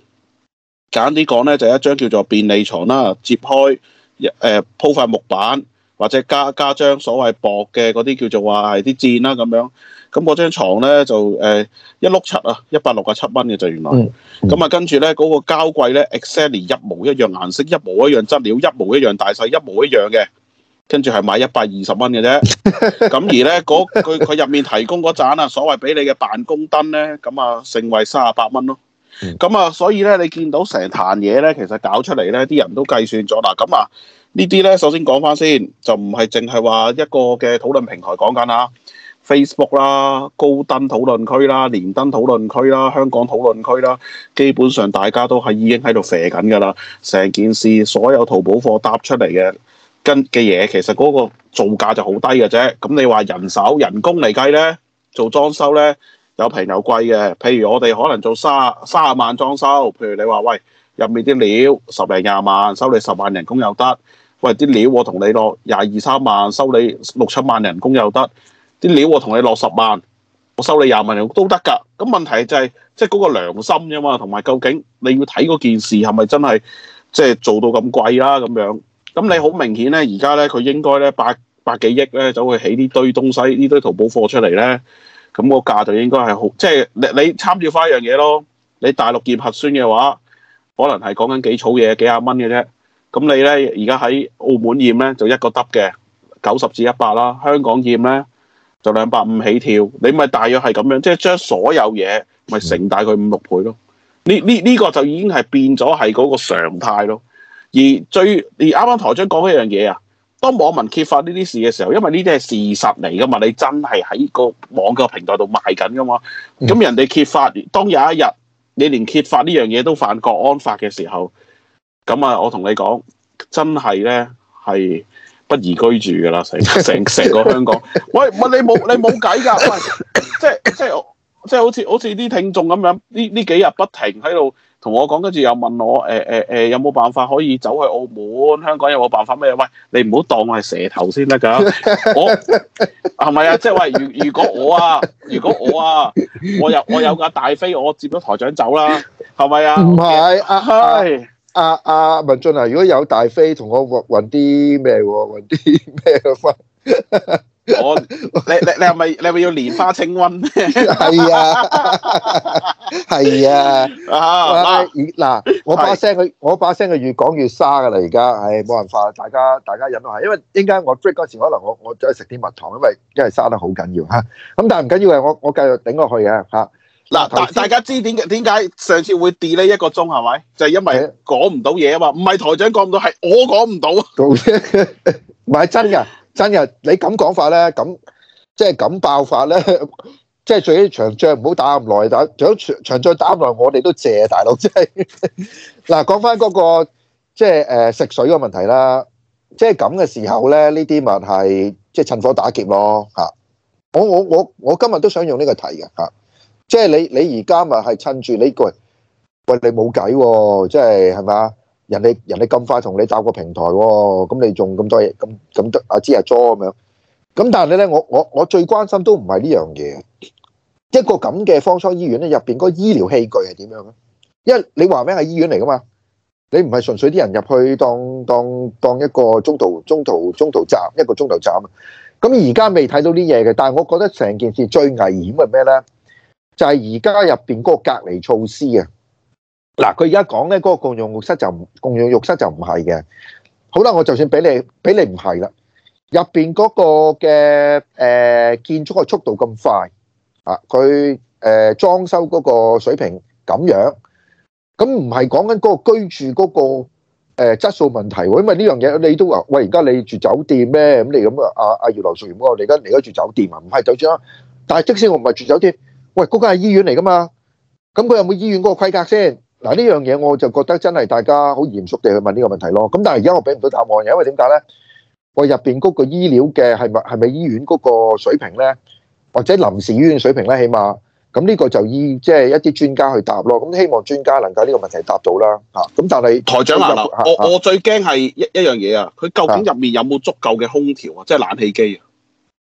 簡啲講咧就是、一張叫做便利床啦，揭開誒、呃、鋪塊木板。或者加加張所謂薄嘅嗰啲叫做話係啲墊啦咁樣，咁嗰張牀咧就誒一碌七啊，一百六啊七蚊嘅就原來。咁啊 跟住咧嗰個膠櫃咧 Excel 一模一樣顏色，一模一樣質料，一模一樣大細，一模一樣嘅，跟住係買一百二十蚊嘅啫。咁 而咧佢佢入面提供嗰盞啊，所謂俾你嘅辦公燈咧，咁啊盛惠三啊八蚊咯。咁、嗯、啊，所以咧，你見到成壇嘢咧，其實搞出嚟咧，啲人都計算咗喇。咁啊，呢啲咧，首先講翻先，就唔係淨係話一個嘅討論平台講緊啊，Facebook 啦、高登討論區啦、連登討論區啦、香港討論區啦，基本上大家都係已經喺度斜緊㗎啦。成件事所有淘寶貨搭出嚟嘅跟嘅嘢，其實嗰個造價就好低嘅啫。咁你話人手人工嚟計咧，做裝修咧？有平有貴嘅，譬如我哋可能做三三十萬裝修，譬如你話喂入面啲料十零廿萬，收你十萬人工又得，喂啲料我同你落廿二三萬，收你六七萬人工又得，啲料我同你落十萬，我收你廿萬人工都得噶。咁問題就係即係嗰個良心啫嘛，同埋究竟你要睇嗰件事係咪真係即係做到咁貴啦咁樣？咁你好明顯咧，而家咧佢應該咧百百幾億咧，就會起呢堆東西呢堆淘寶貨出嚟咧。咁個價就應該係好，即係你你參照翻一樣嘢咯。你大陸驗核酸嘅話，可能係講緊幾草嘢幾廿蚊嘅啫。咁你咧而家喺澳門驗咧就一個得嘅九十至一百啦，香港驗咧就兩百五起跳。你咪大約係咁樣，即係將所有嘢咪成大概五六倍咯。呢呢呢個就已經係變咗係嗰個常態咯。而最你啱啱台長講一樣嘢啊～當網民揭發呢啲事嘅時候，因為呢啲係事實嚟㗎嘛，你真係喺個網購平台度賣緊㗎嘛，咁人哋揭發，當有一日你連揭發呢樣嘢都犯國安法嘅時候，咁啊，我同你講，真係咧係不宜居住㗎喇，成成成個香港。喂，唔係你冇你冇計㗎，喂，即係即係即係好似好似啲聽眾咁樣，呢呢幾日不停喺度。同我講，跟住又問我，誒誒誒，有冇辦法可以走去澳門？香港有冇辦法咩？喂，你唔好當我係蛇頭先得㗎。我係咪啊？即係喂，如如果我啊，如果我啊，我有我有架大飛，我接咗台長走啦，係咪啊？唔、okay? 係啊，係啊啊文俊啊，如果有大飛，同我揾啲咩喎？揾啲咩分？ 我你你你係咪你係咪要蓮花清瘟？係 啊，係啊。嗱，我把聲佢，我把聲佢越講越沙噶啦，而家唉冇辦法，大家大家忍耐下。因為點解我 break 嗰時可能我我再食啲蜜糖，因為因為沙得好緊要吓。咁但係唔緊要嘅，我我繼續頂落去啊！吓。嗱，大家、啊、大家知點點解上次會 delay 一個鐘係咪？就係、是、因為講唔到嘢啊嘛，唔係台長講唔到，係我講唔到。唔係 真噶。真嘅，你咁講法咧，咁即係咁爆發咧，即係最起長仗唔好打咁耐打，想長長仗打咁耐，我哋都謝大佬、 那個。即係嗱，講翻嗰個即係誒食水嘅問題啦，即係咁嘅時候咧，呢啲咪係即係趁火打劫咯嚇。我我我我今日都想用呢個題嘅嚇，即係你你而家咪係趁住呢個，喂你冇計喎，即係係咪人哋人哋咁快同你找個平台喎、哦，咁、嗯、你仲咁多嘢，咁咁多阿芝阿 jo 咁樣，咁、嗯嗯嗯嗯嗯嗯、但係咧，我我我最關心都唔係呢樣嘢，一個咁嘅方艙醫院咧，入邊嗰個醫療器具係點樣咧？因為你話咩係醫院嚟㗎嘛？你唔係純粹啲人入去當當當一個中途中途中途站一個中途站啊！咁而家未睇到啲嘢嘅，但係我覺得成件事最危險係咩咧？就係而家入邊嗰個隔離措施啊！嗱，佢而家講咧嗰個共用浴室就唔共用浴室就唔係嘅。好啦，我就算俾你俾你唔係啦，入邊嗰個嘅誒建築嘅速度咁快啊，佢誒裝修嗰個水平咁樣，咁唔係講緊嗰個居住嗰個誒質素問題喎，因為呢樣嘢你都話喂，而家你住酒店咩，咁你咁啊，阿阿葉劉淑儀唔好話，你而家嚟咗住酒店啊，唔係酒店啊。但係即使我唔係住酒店，喂，嗰間係醫院嚟噶嘛，咁佢有冇醫院嗰個規格先？嗱呢樣嘢我就覺得真係大家好嚴肅地去問呢個問題咯。咁但係而家我俾唔到答案，因為點解咧？我入邊嗰個醫療嘅係咪係咪醫院嗰個水平咧，或者臨時醫院水平咧？起碼咁呢個就醫即係一啲專家去答咯。咁希望專家能夠呢個問題答到啦。嚇咁，但係台長話啦，我我最驚係一一樣嘢啊，佢究竟入面有冇足夠嘅空調啊？即係冷氣機啊？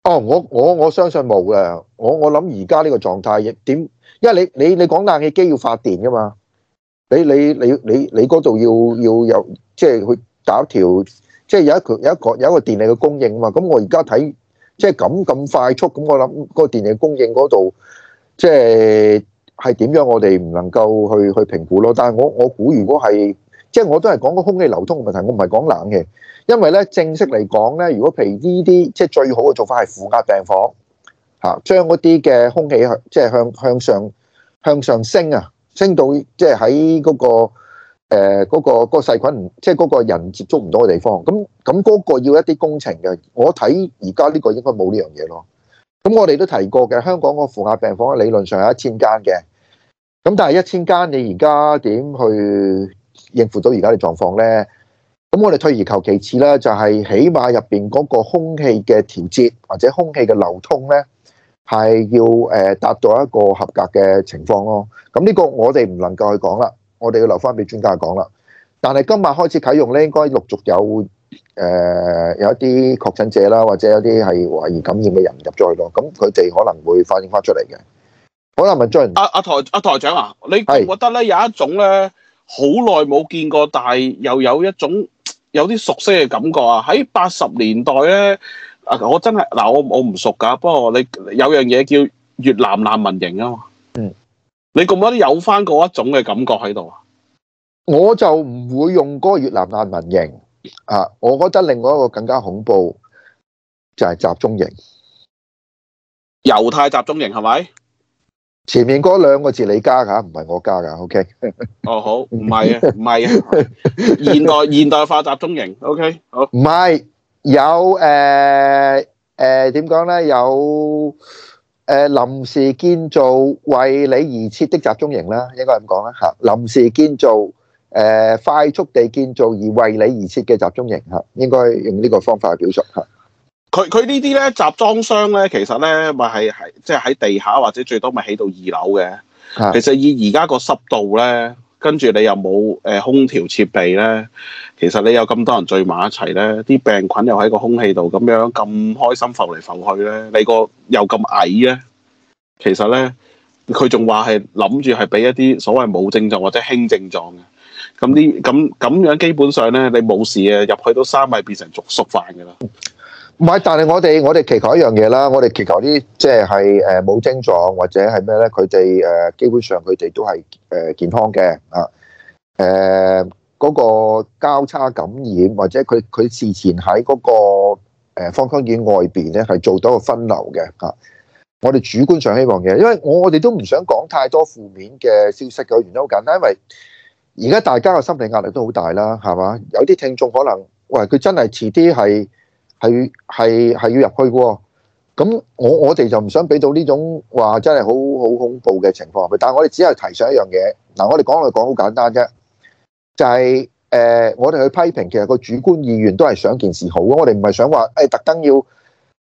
哦，我我我相信冇噶。我我諗而家呢個狀態點，因為你你你講冷氣機要發電噶嘛。你你你你你嗰度要要有即係去打條，即係有一個有一個有一個電力嘅供應啊嘛。咁我而家睇即係咁咁快速，咁我諗個電力供應嗰度即係係點樣，我哋唔能夠去去評估咯。但係我我估如果係即係我都係講個空氣流通嘅問題，我唔係講冷嘅，因為咧正式嚟講咧，如果譬如呢啲即係最好嘅做法係負壓病房，吓將嗰啲嘅空氣即係向向上向上升啊。升到即係喺嗰個誒嗰、呃嗰個嗰個細菌，即係嗰個人接觸唔到嘅地方。咁咁嗰個要一啲工程嘅。我睇而家呢個應該冇呢樣嘢咯。咁我哋都提過嘅，香港個負壓病房理論上有一千間嘅。咁但係一千間，你而家點去應付到而家嘅狀況咧？咁我哋退而求其次啦，就係、係、起碼入邊嗰個空氣嘅調節或者空氣嘅流通咧。係要誒達到一個合格嘅情況咯，咁呢個我哋唔能夠去講啦，我哋要留翻俾專家講啦。但係今日開始啟用咧，應該陸續有誒、呃、有一啲確診者啦，或者有啲係懷疑感染嘅人入咗去咯，咁佢哋可能會反映翻出嚟嘅。好啦，文進阿阿台阿、啊、台長啊，是你覺得咧有一種咧好耐冇見過，但係又有一種有啲熟悉嘅感覺啊！喺八十年代咧。啊！我真係嗱，我我唔熟噶。不過你有樣嘢叫越南難民營啊嘛。嗯。你咁啱有翻嗰一種嘅感覺喺度啊？我就唔會用嗰個越南難民營啊！我覺得另外一個更加恐怖就係集中營。猶太集中營係咪？前面嗰兩個字你加噶，唔係我加噶。OK。哦，好。唔係啊，唔係啊。現代現代化集中營。OK。好。唔係。有誒誒點講咧？有誒臨時建造為你而設的集中營啦，應該咁講啦嚇。臨時建造誒快速地建造而為你而設嘅集中營嚇，應該用呢個方法去表述嚇。佢佢呢啲咧，集裝箱咧，其實咧咪係係即係喺地下或者最多咪起到二樓嘅。其實以而家個濕度咧。跟住你又冇誒、呃、空調設備咧，其實你有咁多人聚埋一齊咧，啲病菌又喺個空氣度咁樣咁開心浮嚟浮去咧，你個又咁矮咧，其實咧佢仲話係諗住係俾一啲所謂冇症狀或者輕症狀嘅，咁啲咁咁樣基本上咧你冇事嘅入去都三米變成熟飯㗎啦。唔係，但係我哋我哋祈求一樣嘢啦，我哋祈求啲即係誒冇症狀或者係咩咧？佢哋誒基本上佢哋都係誒健康嘅啊！誒嗰個交叉感染或者佢佢事前喺嗰個誒方艙院外邊咧係做到個分流嘅啊！我哋主觀上希望嘅，因為我哋都唔想講太多負面嘅消息嘅原因，好簡單，因為而家大家嘅心理壓力都好大啦，係嘛？有啲聽眾可能喂佢真係遲啲係。係係係要入去嘅喎、哦，咁我我哋就唔想俾到呢種話真係好好恐怖嘅情況，是是但係我哋只係提醒一樣嘢。嗱、啊，我哋講嚟講好簡單啫，就係、是、誒、呃、我哋去批評，其實個主觀意願都係想件事好，我哋唔係想話誒、哎、特登要誒、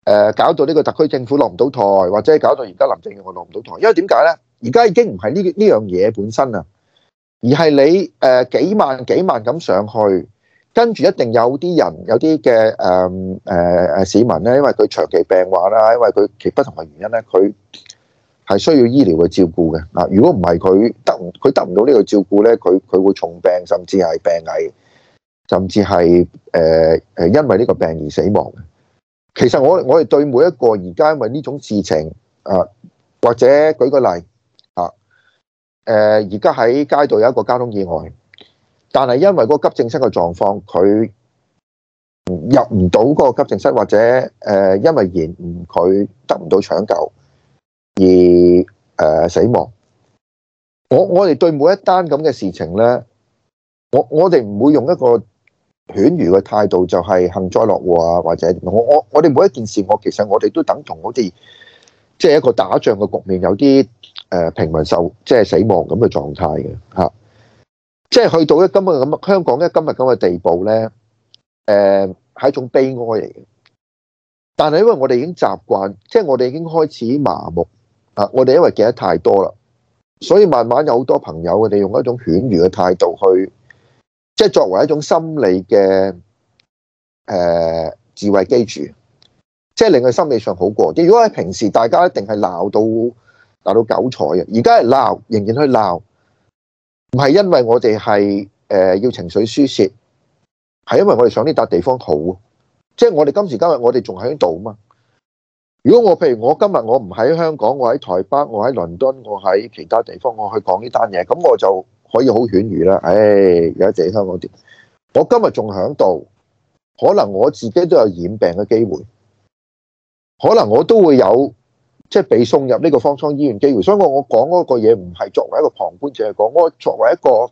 呃、搞到呢個特區政府落唔到台，或者搞到而家林鄭月娥落唔到台，因為點解咧？而家已經唔係呢呢樣嘢本身啊，而係你誒幾萬幾萬咁上去。跟住一定有啲人，有啲嘅誒誒誒市民咧，因為佢長期病患啦，因為佢其不同嘅原因咧，佢係需要醫療嘅照顧嘅嗱。如果唔係，佢得唔佢得唔到呢個照顧咧，佢佢會重病，甚至係病危，甚至係誒誒因為呢個病而死亡嘅。其實我我哋對每一個而家因為呢種事情啊、呃，或者舉個例啊，誒而家喺街道有一個交通意外。但係因為個急症室嘅狀況，佢入唔到嗰個急症室，或者誒因為延誤，佢得唔到搶救而誒死亡。我我哋對每一單咁嘅事情咧，我我哋唔會用一個犬儒嘅態度，就係幸災樂禍啊，或者我我我哋每一件事，我其實我哋都等同我哋即係一個打仗嘅局面，有啲誒平民受即係、就是、死亡咁嘅狀態嘅吓。即係去到咧今日咁，香港咧今日咁嘅地步咧，誒、呃、係一種悲哀嚟嘅。但係因為我哋已經習慣，即係我哋已經開始麻木啊！我哋因為記得太多啦，所以慢慢有好多朋友，我哋用一種犬儒嘅態度去，即係作為一種心理嘅誒、呃、自慰機住，即係令佢心理上好過啲。如果喺平時大家一定係鬧到鬧到九彩啊，而家係鬧，仍然去鬧。唔係因為我哋係誒要情緒輸泄，係因為我哋想呢笪地方好，啊，即係我哋今時今日我哋仲喺度啊嘛。如果我譬如我今日我唔喺香港，我喺台北，我喺倫敦，我喺其他地方，我去講呢單嘢，咁我就可以好犬儒啦。唉、哎，依家香港點，我今日仲喺度，可能我自己都有染病嘅機會，可能我都會有。即係被送入呢個方艙醫院機機會，所以我我講嗰個嘢，唔係作為一個旁觀者嚟講，我作為一個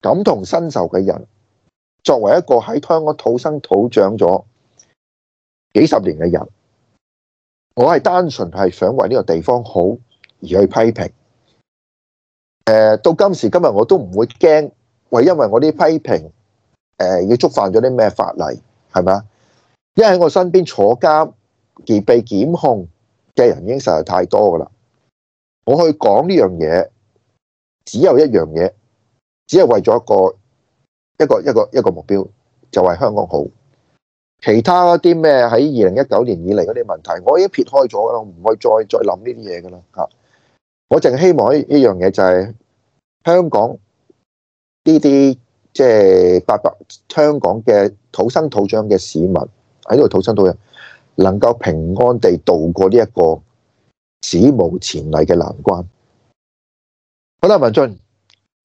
感同身受嘅人，作為一個喺香港土生土長咗幾十年嘅人，我係單純係想為呢個地方好而去批評。誒、呃，到今時今日，我都唔會驚為，因為我啲批評誒要觸犯咗啲咩法例，係咪啊？因為喺我身邊坐監而被檢控。嘅人已經實在太多噶啦，我去講呢樣嘢，只有一樣嘢，只係為咗一個一個一個一個目標，就係香港好。其他啲咩喺二零一九年以嚟嗰啲問題，我已經撇開咗啦，我唔去再再諗呢啲嘢噶啦嚇。我淨係希望一樣嘢，就係香港呢啲即係八百香港嘅土生土長嘅市民喺度土生土長。能夠平安地渡過呢一個史無前例嘅難關。好啦，文俊，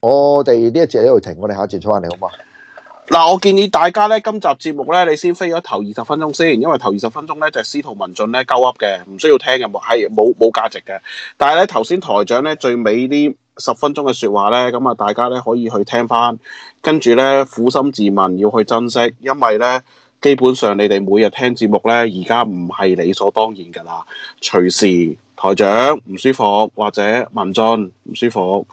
我哋呢一節喺度停，我哋下一節出翻嚟好嘛？嗱，我建議大家呢，今集節目呢，你先飛咗頭二十分鐘先，因為頭二十分鐘呢，就係司徒文俊呢鳩噏嘅，唔需要聽嘅，冇係冇冇價值嘅。但係呢頭先台長呢，最尾呢十分鐘嘅說話呢，咁啊大家呢可以去聽翻，跟住呢，苦心自問要去珍惜，因為呢。基本上你哋每日聽節目咧，而家唔係理所當然㗎啦。隨時台長唔舒服或者文進唔舒服，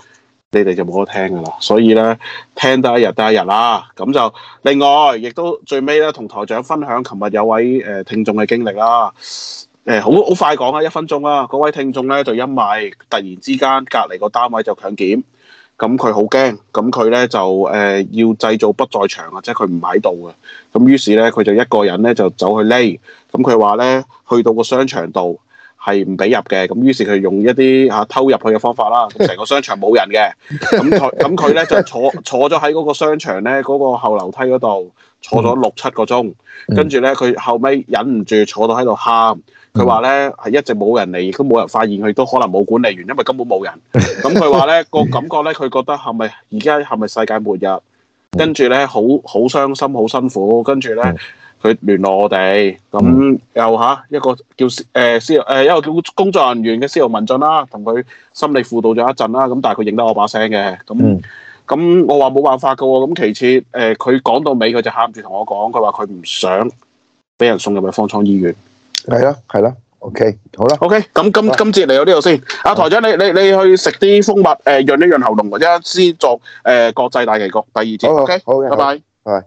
你哋就冇得聽㗎啦。所以咧，聽得一日得一日啦。咁就另外，亦都最尾咧，同台長分享琴日有位誒、呃、聽眾嘅經歷啦。誒、呃，好好快講啊，一分鐘啊！嗰位聽眾咧就因為突然之間隔籬個單位就強檢。咁佢好驚，咁佢咧就誒、呃、要製造不在場啊，即係佢唔喺度嘅。咁於是咧，佢就一個人咧就走去匿。咁佢話咧，去到商、啊、去個商場度係唔俾入嘅。咁於是佢用一啲啊偷入去嘅方法啦。成個商場冇人嘅。咁佢，咁佢咧就坐坐咗喺嗰個商場咧嗰個後樓梯嗰度坐咗六七個鐘。跟呢住咧，佢後尾忍唔住坐到喺度喊。佢話咧係一直冇人嚟，都冇人發現佢，都可能冇管理員，因為根本冇人。咁佢話咧個感覺咧，佢覺得係咪而家係咪世界末日？跟住咧好好傷心，好辛苦。跟住咧佢聯絡我哋，咁、嗯嗯、又吓一個叫誒、呃、司誒、呃，一個叫工作人員嘅司徒文俊啦，同佢心理輔導咗一陣啦。咁但係佢認得我把聲嘅，咁、嗯、咁、嗯嗯、我話冇辦法噶喎。咁其次，誒佢講到尾，佢就喊住同我講，佢話佢唔想俾人送入去方艙醫院。係啦，係囉，OK，好啦，OK，咁這今今節嚟到呢度先。阿的、啊、台長，你你你去食啲蜂蜜，誒、呃，潤一潤喉嚨，或者先做誒、呃、國際大棋局第二節。OK，好，拜拜，係。